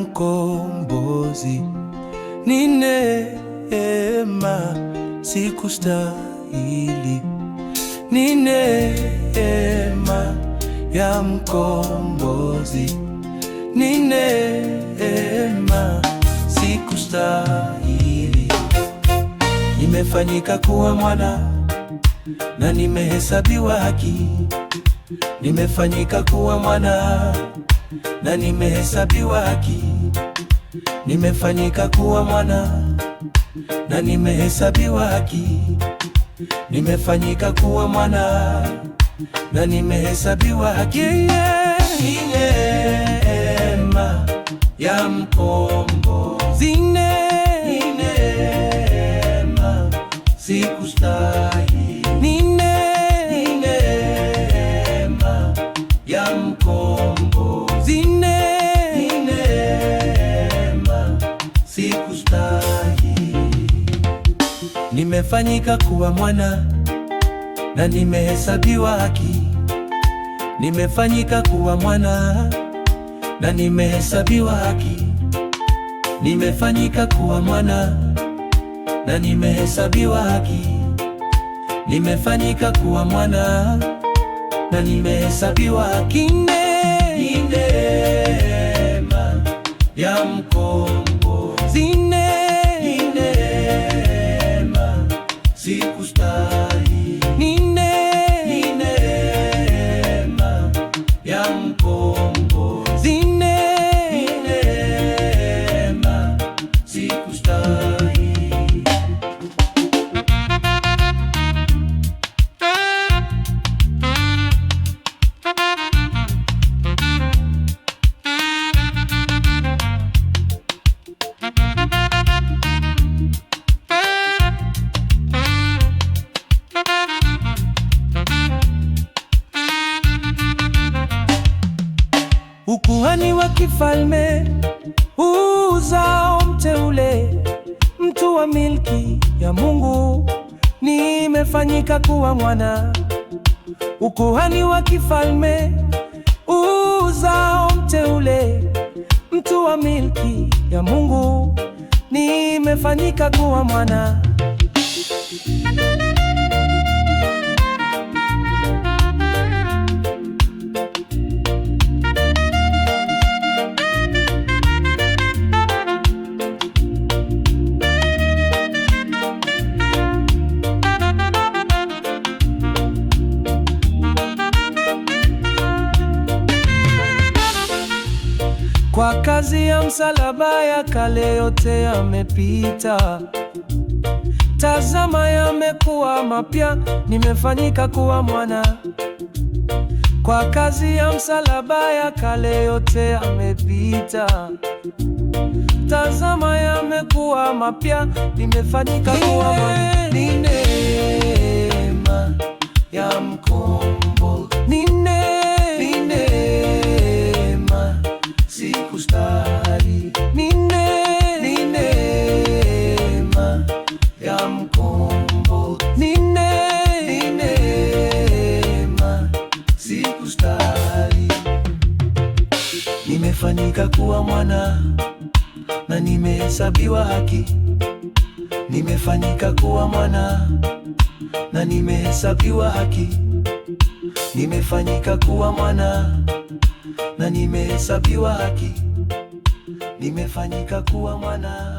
mkombozi, ni neema, sikustahili. Ni neema ya mkombozi, ni neema, sikustahili. Nimefanyika kuwa mwana na nimehesabiwa haki, nimefanyika kuwa mwana na nimehesabiwa haki, nimefanyika kuwa mwana na nimehesabiwa haki, nimefanyika kuwa mwana na nimehesabiwa haki. Neema ya mkombozi nimefanyika kuwa mwana na nimehesabiwa haki, nimefanyika kuwa mwana na nimehesabiwa haki, nimefanyika kuwa mwana na nimehesabiwa haki, nimefanyika kuwa mwana na nimehesabiwa haki. Neema ya mkono kifalme uzao mteule, mtu wa milki ya Mungu, nimefanyika kuwa mwana msalaba ya kale yote yamepita, tazama yamekuwa mapya, nimefanyika kuwa mwana. Kwa kazi ya msalaba ya kale yote yamepita, tazama yamekuwa mapya, nimefanyika kuwa mwana. Ni neema ya mkombozi, ni neema, sikustahili nikakuwa mwana na nimehesabiwa haki, nimefanyika kuwa mwana na nimehesabiwa haki, nimefanyika kuwa mwana na nimehesabiwa haki, nimefanyika kuwa mwana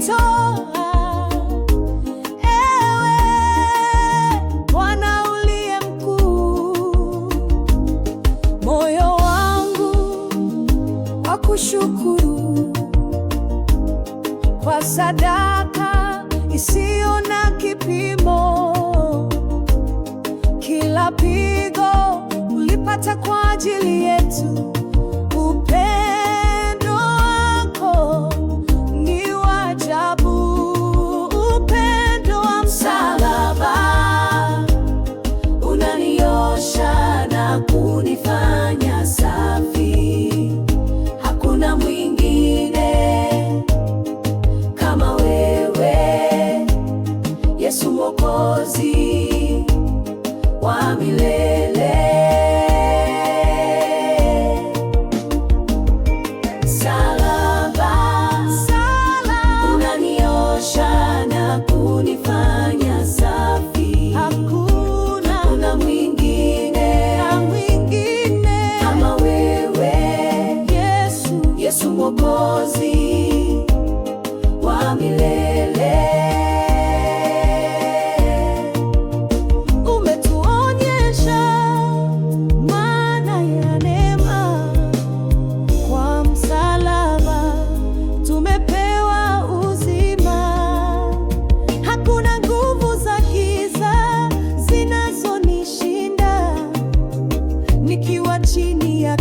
umenitoa, ewe Bwana uliye mkuu, moyo wangu wa kushukuru kwa sadaka isiyo na kipimo, kila pigo ulipata kwa ajili yetu. chini ya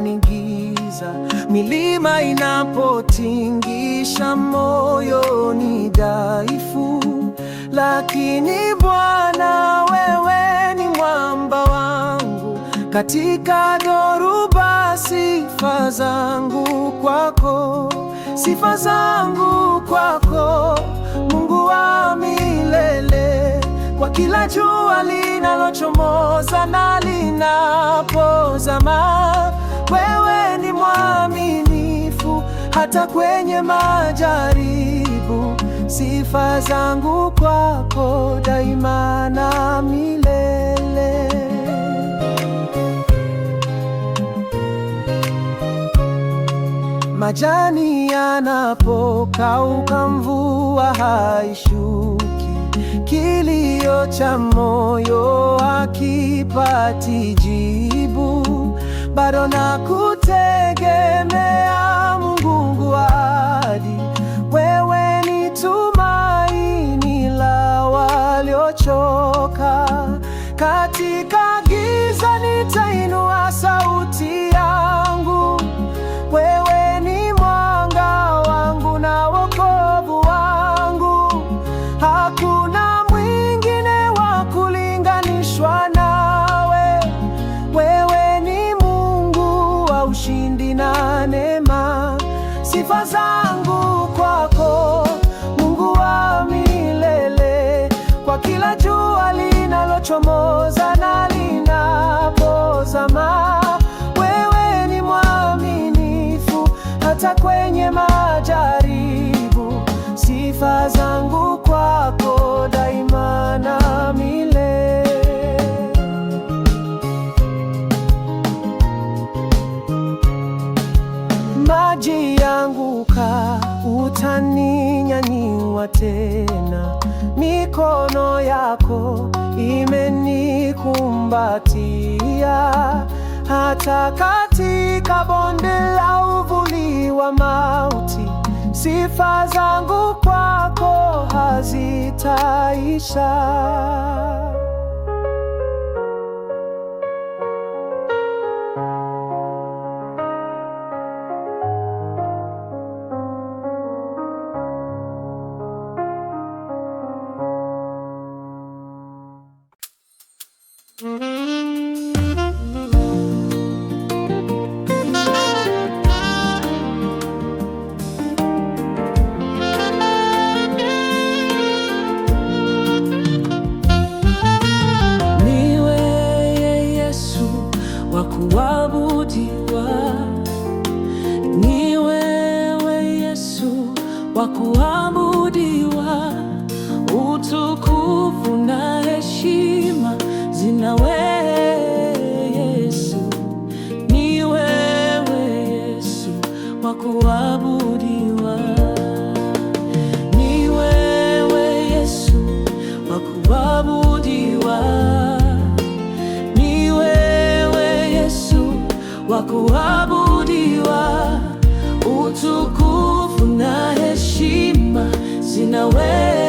ni giza, milima inapotingisha, moyo ni dhaifu, lakini Bwana wewe ni mwamba wangu, katika dhoruba sifa zangu kwako, sifa zangu kwako, Mungu wa milele, kwa kila jua linalochomoza na linapozama wewe ni mwaminifu hata kwenye majaribu. Sifa zangu kwako daima na milele. Majani yanapokauka, mvua haishuki. Kilio cha moyo hakipati jibu bado nakutegemea Mungu ahadi, wewe ni tumaini la waliochoka, katika giza nitainua sauti na neema, sifa zangu kwako, Mungu wa milele, kwa kila jua linalochomoza na linapozama tena, mikono yako imenikumbatia hata katika bonde la uvuli wa mauti. Sifa zangu kwako hazitaisha. kuabudiwa. Ni wewe Yesu wa kuabudiwa, ni wewe Yesu wa kuabudiwa. Utukufu na heshima zina wewe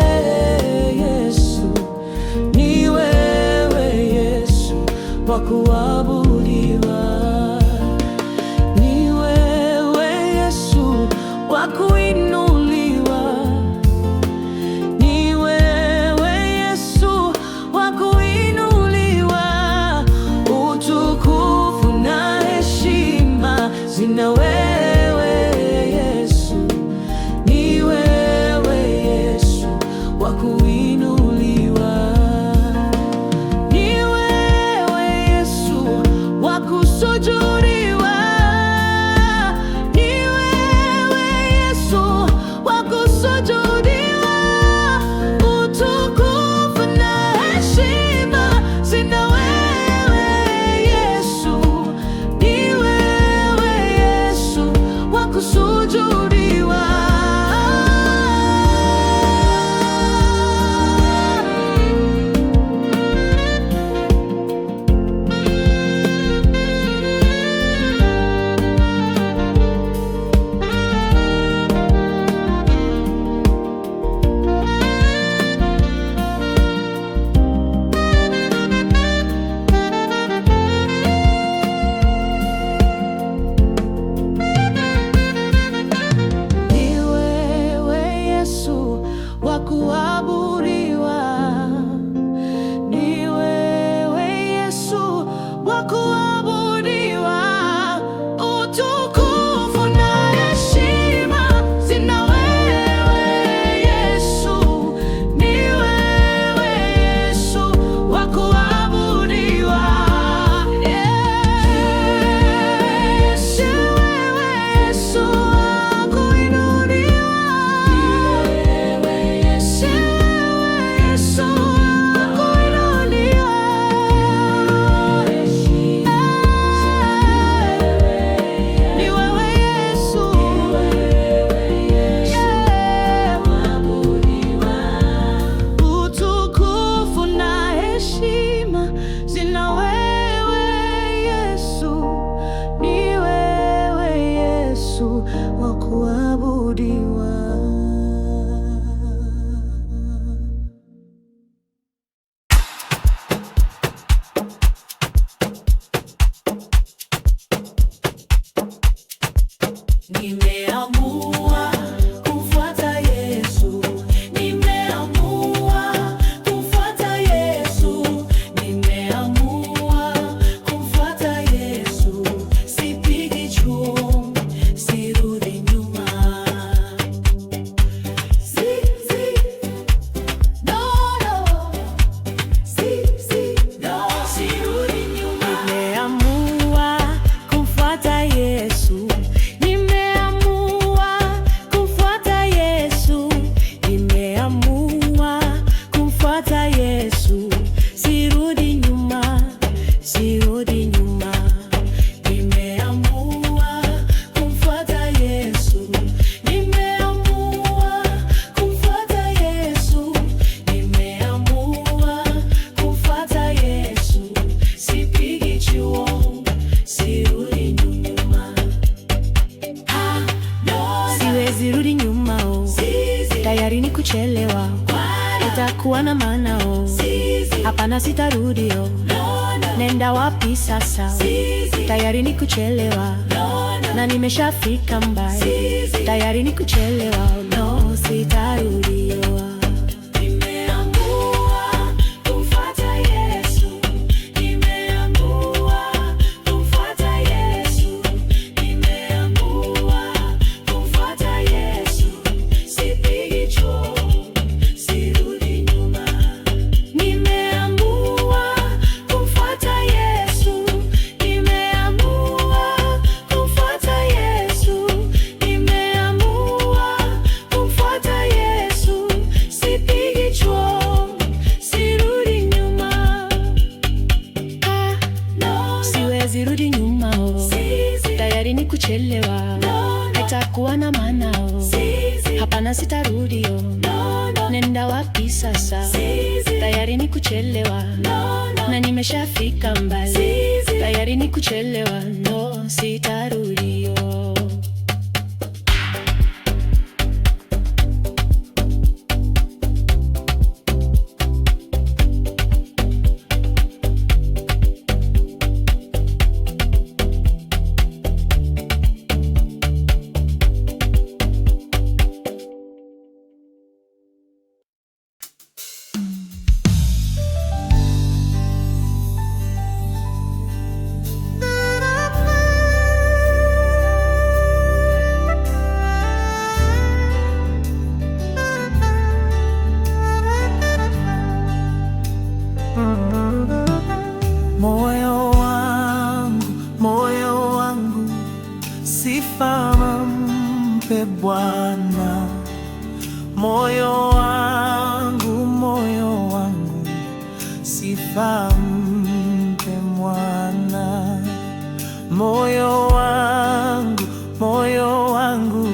wangu,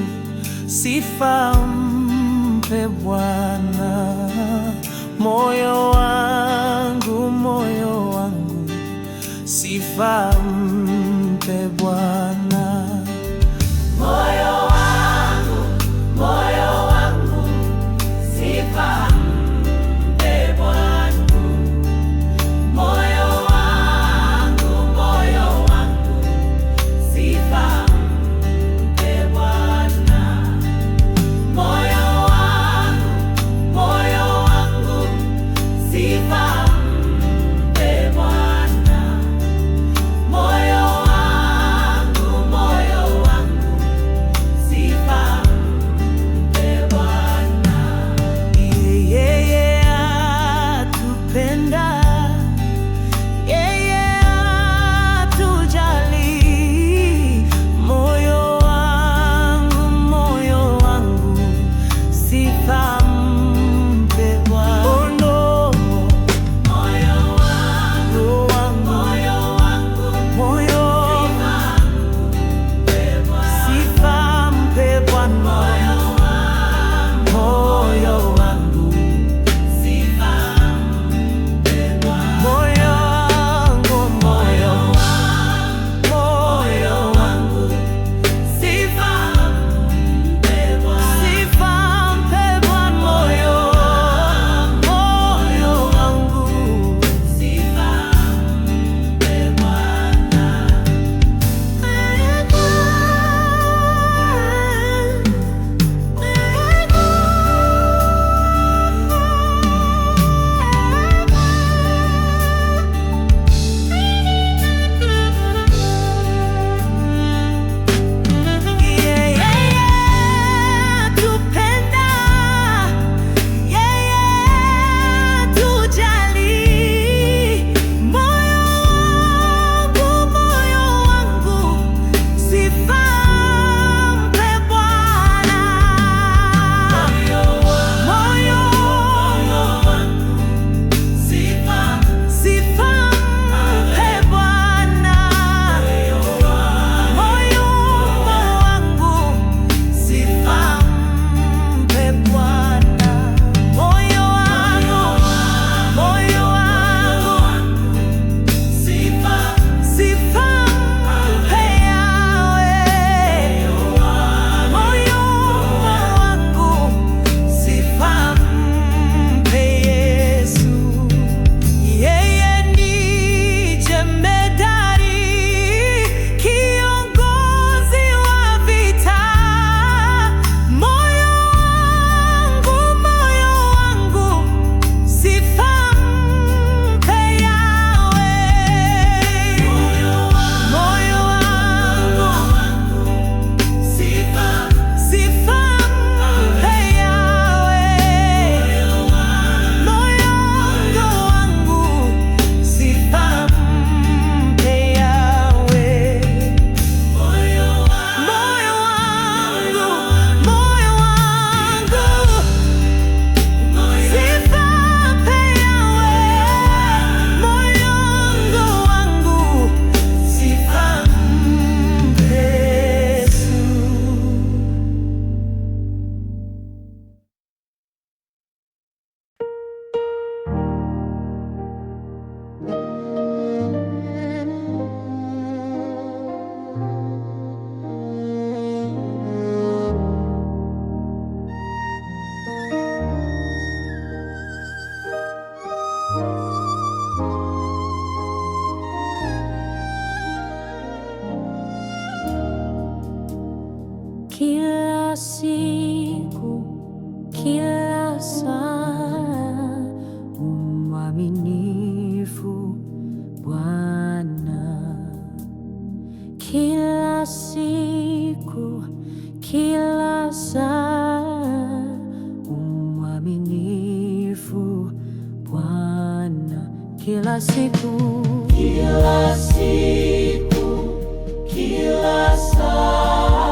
sifa mpe Bwana. Moyo wangu, moyo wangu, sifa mpe Bwana. kila siku, kila saa. Umwaminifu Bwana kila siku, kila siku, kila saa